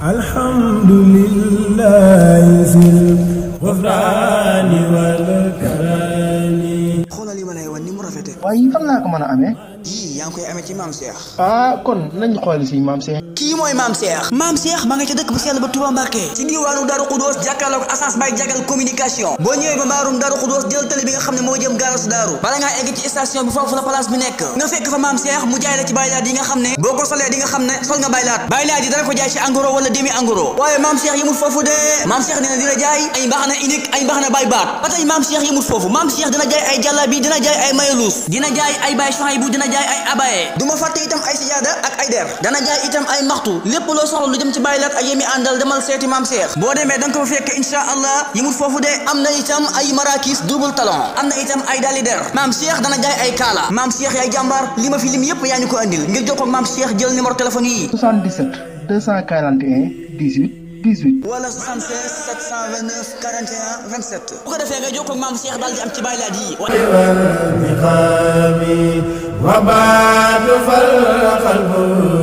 الحمد لله ذي الغفران والكرم. xoolal yi ma lay wan ni mu rafetee. waaye fan laa ko mën a amee. yii yaa ngi koy amee ci maam Cheikh. ah kon nañ xool si maam Cheikh. kii mooy maam Cheikh. maam Cheikh ma nga ca dëkk bu sell ba Touba Mbacké. ci diwaanu Darou Khoudoss jàkkaarloog Assane Baye jagal communication. boo ñëwee ba mbaarum Darou Khoudoss jël tali bi nga xam ne moo jëm gaarasu Daaru. bala ngaa egg ci station bi foofu la place bi nekk. nga fekk fa maam Cheikh mu jaay la ci baylaat yi nga xam ne. boo ko solee di nga xam ne sol nga baylaat. baylaat yi dara ko jaay ci engrais wala demi engrais. waaye maam Cheikh yemul foofu de. maam Cheikh dina dina jaay ay mbaxana unique ay mbaxana bay baat. ba tey maam Cheikh yemul foofu maam Cheikh dina jaay ay jàllabi dina jaay ay mayeluus dina jaay ay bay soxay bu dina jaay ay abaye du ma fàtte itam ay sijaada ak ay der dana jaay itam ay maxtu lépp loo soxla lu jëm ci bàyyi laat ak yemi àndal demal seeti maam Cheikh boo demee da nga ko fa fekk insha allah yimut foofu de am na itam ay marakis double talon am na itam ay dali der maam Cheikh dana jaay ay kaala maam Cheikh yaay jàmbaar li ma fi lim yépp yaa ñu ko andil ngir jokkoo ak maam Cheikh jël numéro téléphone yi 77 241 18 18 wala 76 729 41 27 bu ko defee nga jokkoo ak maam Cheikh daal di وبعد فالقلب